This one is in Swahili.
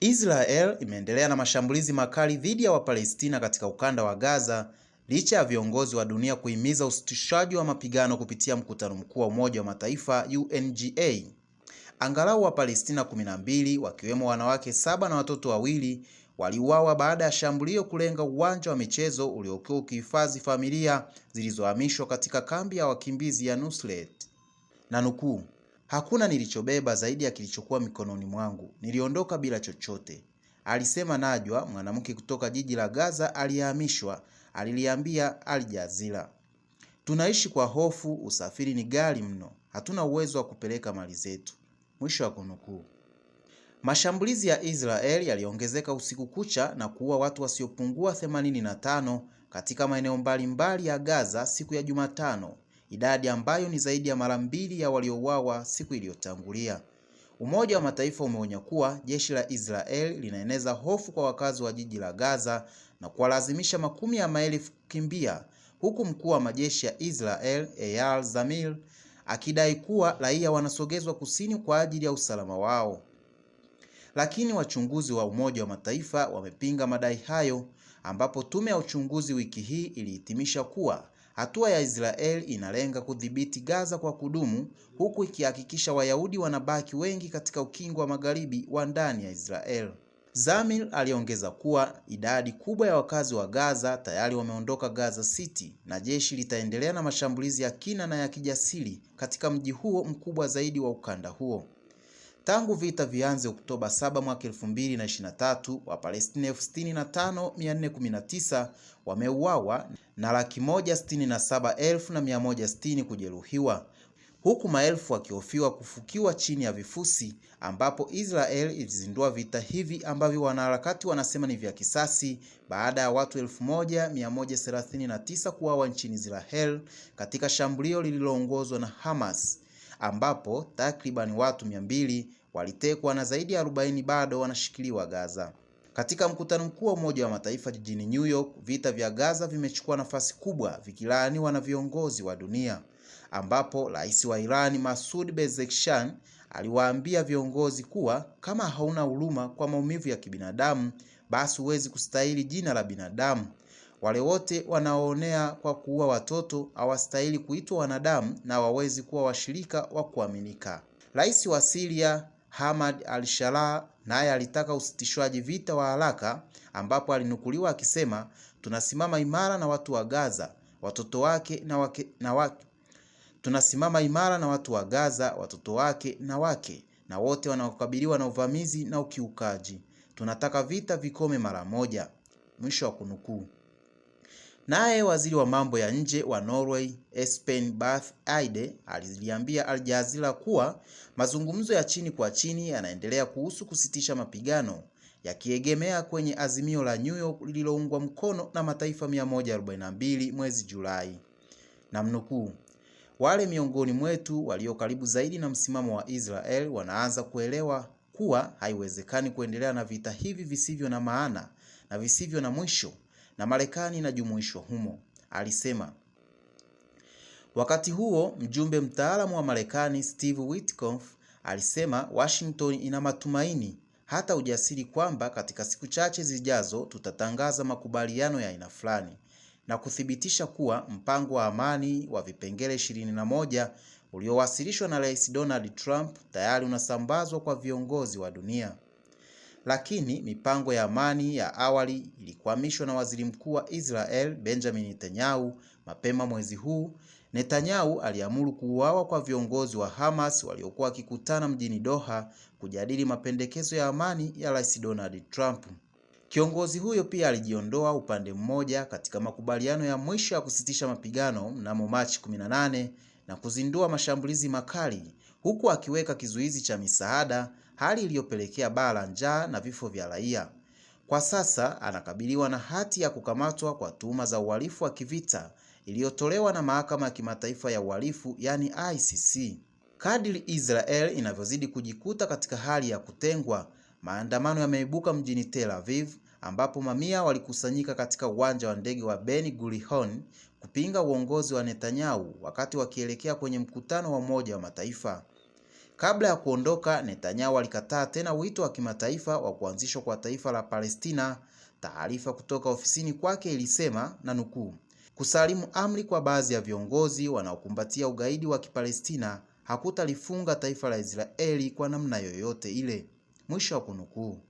Israel imeendelea na mashambulizi makali dhidi ya Wapalestina katika ukanda wa Gaza licha ya viongozi wa dunia kuhimiza usitishaji wa mapigano kupitia mkutano mkuu wa Umoja wa Mataifa UNGA. Angalau Wapalestina 12 wakiwemo wanawake saba na watoto wawili waliuawa baada ya shambulio kulenga uwanja wa michezo uliokuwa ukihifadhi familia zilizohamishwa katika kambi ya wakimbizi ya Nusret. Na nukuu, Hakuna nilichobeba zaidi ya kilichokuwa mikononi mwangu. Niliondoka bila chochote, alisema Najwa, mwanamke kutoka jiji la Gaza aliyehamishwa, aliliambia Al Jazeera. Tunaishi kwa hofu, usafiri ni ghali mno, hatuna uwezo wa kupeleka mali zetu. Mwisho wa kunukuu. Mashambulizi ya Israel yaliongezeka usiku kucha na kuua watu wasiopungua 85 katika maeneo mbalimbali ya Gaza siku ya Jumatano, idadi ambayo ni zaidi ya mara mbili ya waliouawa siku iliyotangulia. Umoja wa Mataifa umeonya kuwa jeshi la Israel linaeneza hofu kwa wakazi wa jiji la Gaza na kuwalazimisha makumi ya maelfu kukimbia, huku mkuu wa majeshi ya Israel Eyal Zamir akidai kuwa raia wanasogezwa kusini kwa ajili ya usalama wao. Lakini wachunguzi wa Umoja wa Mataifa wamepinga madai hayo, ambapo tume ya uchunguzi wiki hii ilihitimisha kuwa Hatua ya Israel inalenga kudhibiti Gaza kwa kudumu huku ikihakikisha Wayahudi wanabaki wengi katika ukingo wa magharibi wa ndani ya Israel. Zamir aliongeza kuwa idadi kubwa ya wakazi wa Gaza tayari wameondoka Gaza City na jeshi litaendelea na mashambulizi ya kina na ya kijasiri katika mji huo mkubwa zaidi wa ukanda huo. Tangu vita vianze Oktoba 7 mwaka 2023, Wapalestina 65419 wameuawa na laki moja sitini na saba elfu na mia moja sitini kujeruhiwa huku maelfu wakihofiwa kufukiwa chini ya vifusi, ambapo Israel ilizindua vita hivi ambavyo wanaharakati wanasema ni vya kisasi baada ya watu 1139 kuuawa nchini Israel katika shambulio lililoongozwa na Hamas ambapo takribani watu 200 walitekwa na zaidi ya 40 bado wanashikiliwa Gaza. Katika mkutano mkuu wa Umoja wa Mataifa jijini New York, vita vya Gaza vimechukua nafasi kubwa vikilaaniwa na viongozi wa dunia, ambapo Rais wa Iran Masoud Pezeshkian aliwaambia viongozi kuwa kama hauna huruma kwa maumivu ya kibinadamu, basi huwezi kustahili jina la binadamu. Wale wote wanaoonea kwa kuua watoto hawastahili kuitwa wanadamu na wawezi kuwa washirika wa kuaminika. Rais wa Syria Hamad al-Sharaa naye alitaka usitishwaji vita wa haraka ambapo alinukuliwa akisema, tunasimama imara na watu wa Gaza, watoto wake na wake, na wake. Tunasimama imara na watu wa Gaza, watoto wake na wake na wote wanaokabiliwa na uvamizi na ukiukaji. Tunataka vita vikome mara moja. Mwisho wa kunukuu. Naye waziri wa mambo ya nje wa Norway Espen Barth aide aliliambia Al Jazeera kuwa mazungumzo ya chini kwa chini yanaendelea kuhusu kusitisha mapigano yakiegemea kwenye azimio la New York lililoungwa mkono na mataifa 142 mwezi Julai. Namnukuu, wale miongoni mwetu walio karibu zaidi na msimamo wa Israel wanaanza kuelewa kuwa haiwezekani kuendelea na vita hivi visivyo na maana na visivyo na mwisho na Marekani inajumuishwa humo, alisema. Wakati huo mjumbe mtaalamu wa Marekani Steve Witkoff alisema Washington ina matumaini hata ujasiri kwamba katika siku chache zijazo tutatangaza makubaliano ya aina fulani na kuthibitisha kuwa mpango wa amani wa vipengele 21 uliowasilishwa na Rais Donald Trump tayari unasambazwa kwa viongozi wa dunia lakini mipango ya amani ya awali ilikwamishwa na Waziri Mkuu wa Israel Benjamin Netanyahu mapema mwezi huu. Netanyahu aliamuru kuuawa kwa viongozi wa Hamas waliokuwa wakikutana mjini Doha kujadili mapendekezo ya amani ya Rais Donald Trump. Kiongozi huyo pia alijiondoa upande mmoja katika makubaliano ya mwisho ya kusitisha mapigano mnamo Machi 18 na kuzindua mashambulizi makali huku akiweka kizuizi cha misaada hali iliyopelekea baa la njaa na vifo vya raia. Kwa sasa anakabiliwa na hati ya kukamatwa kwa tuhuma za uhalifu wa kivita iliyotolewa na Mahakama ya Kimataifa ya Uhalifu yaani ICC. kadri Israel inavyozidi kujikuta katika hali ya kutengwa, maandamano yameibuka mjini Tel Aviv ambapo mamia walikusanyika katika uwanja wa ndege wa Ben Gurion kupinga uongozi wa Netanyahu wakati wakielekea kwenye mkutano wa Umoja wa Mataifa. Kabla ya kuondoka, Netanyahu alikataa tena wito wa kimataifa wa kuanzishwa kwa taifa la Palestina. Taarifa kutoka ofisini kwake ilisema na nukuu, kusalimu amri kwa baadhi ya viongozi wanaokumbatia ugaidi wa Kipalestina hakutalifunga taifa la Israeli kwa namna yoyote ile, mwisho wa kunukuu.